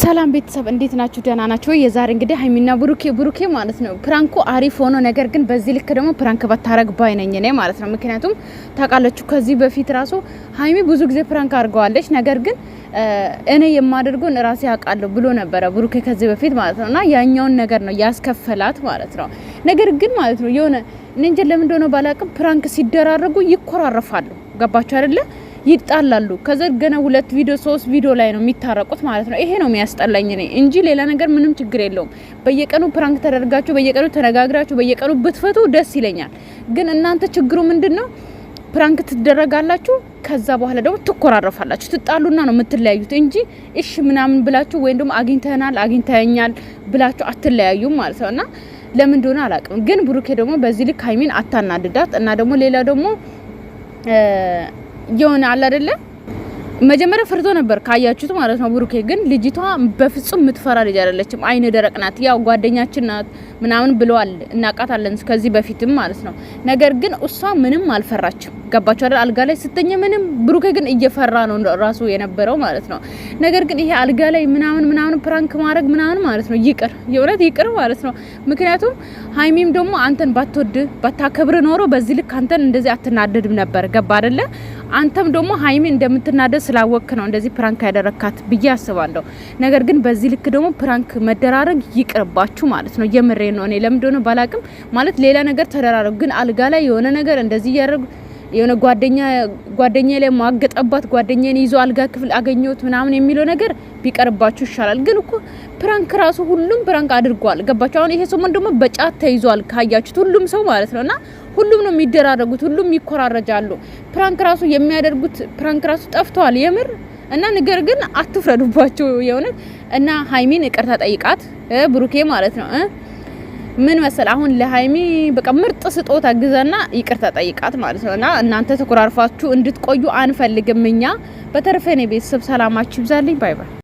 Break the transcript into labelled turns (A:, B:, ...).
A: ሰላም ቤተሰብ እንዴት ናችሁ? ደህና ናቸው። የዛሬ እንግዲህ ሀይሚና ብሩኬ ብሩኬ ማለት ነው ፕራንኩ አሪፍ ሆኖ ነገር ግን በዚህ ልክ ደግሞ ፕራንክ ባታረግ ባይ ነኝ እኔ ማለት ነው። ምክንያቱም ታውቃላችሁ ከዚህ በፊት ራሱ ሀይሚ ብዙ ጊዜ ፕራንክ አድርገዋለች። ነገር ግን እኔ የማደርገውን እራሴ አውቃለሁ ብሎ ነበረ ብሩኬ ከዚህ በፊት ማለት ነው። እና ያኛውን ነገር ነው ያስከፈላት ማለት ነው። ነገር ግን ማለት ነው የሆነ እኔ እንጃ ለምን እንደሆነ ባላውቅም ፕራንክ ሲደራረጉ ይኮራረፋሉ። ገባችሁ አይደለም ይጣላሉ። ከዘር ገና ሁለት ቪዲዮ ሶስት ቪዲዮ ላይ ነው የሚታረቁት ማለት ነው። ይሄ ነው የሚያስጠላኝ እኔ እንጂ ሌላ ነገር ምንም ችግር የለውም። በየቀኑ ፕራንክ ተደርጋችሁ፣ በየቀኑ ተነጋግራችሁ፣ በየቀኑ ብትፈቱ ደስ ይለኛል። ግን እናንተ ችግሩ ምንድን ነው? ፕራንክ ትደረጋላችሁ፣ ከዛ በኋላ ደግሞ ትኮራረፋላችሁ፣ ትጣሉና ነው የምትለያዩት እንጂ እሺ ምናምን ብላችሁ ወይም ደግሞ አግኝተናል አግኝተኛል ብላችሁ አትለያዩም ማለት ነው እና ለምን እንደሆነ አላውቅም። ግን ብሩኬ ደግሞ በዚህ ልክ ሀይሚን አታናድዳት እና ደግሞ ሌላ ደግሞ የሆነ አለ አይደለም መጀመሪያ ፍርቶ ነበር ካያችሁት ማለት ነው። ብሩኬ ግን ልጅቷ በፍጹም የምትፈራ ልጅ አይደለችም። አይነ ደረቅ ናት። ያው ጓደኛችን ናት ምናምን ብለዋል፣ እናውቃታለን ከዚህ በፊትም ማለት ነው። ነገር ግን እሷ ምንም አልፈራችም። ገባችሁ አይደል? አልጋ ላይ ስተኛ ምንም። ብሩኬ ግን እየፈራ ነው ራሱ የነበረው ማለት ነው። ነገር ግን ይሄ አልጋ ላይ ምናምን ምናምን ፕራንክ ማድረግ ምናምን ማለት ነው ይቅር፣ የእውነት ይቅር ማለት ነው። ምክንያቱም ሀይሚም ደግሞ አንተን ባትወድ ባታከብር ኖሮ በዚህ ልክ አንተን እንደዚህ አትናደድም ነበር። ገባ አይደለ? አንተም ደግሞ ሀይሚ እንደምትናደድ ስላወክ ነው እንደዚህ ፕራንክ ያደረካት ብዬ አስባለሁ። ነገር ግን በዚህ ልክ ደግሞ ፕራንክ መደራረግ ይቅርባችሁ ማለት ነው። የምሬ ነው። እኔ ለምን እንደሆነ ባላቅም ማለት ሌላ ነገር ተደራረጉ፣ ግን አልጋ ላይ የሆነ ነገር እንደዚህ እያደረጉ የሆነ ጓደኛ ጓደኛ ላይ ማገጠባት ጓደኛን ይዞ አልጋ ክፍል አገኘሁት ምናምን የሚለው ነገር ቢቀርባችሁ ይሻላል። ግን እኮ ፕራንክ ራሱ ሁሉም ፕራንክ አድርጓል። ገባችሁ? አሁን ይሄ ሰሞን ደግሞ በጫት ተይዟል ካያችሁት ሁሉም ሰው ማለት ነውና ሁሉም ነው የሚደራረጉት፣ ሁሉም ይኮራረጃሉ። ፕራንክ ራሱ የሚያደርጉት ፕራንክ ራሱ ጠፍተዋል የምር እና ነገር ግን አትፍረዱባቸው የእውነት እና ሀይሚን እቅርታ ጠይቃት ብሩኬ ማለት ነው። ምን መሰል አሁን ለሀይሚ በቃ ምርጥ ስጦታ ግዛና ይቅርታ ጠይቃት ማለት ነው። እና እናንተ ተኮራርፋችሁ እንድትቆዩ አንፈልግም እኛ። በተረፈ እኔ ቤተሰብ ሰላማችሁ ይብዛልኝ። ባይ ባይ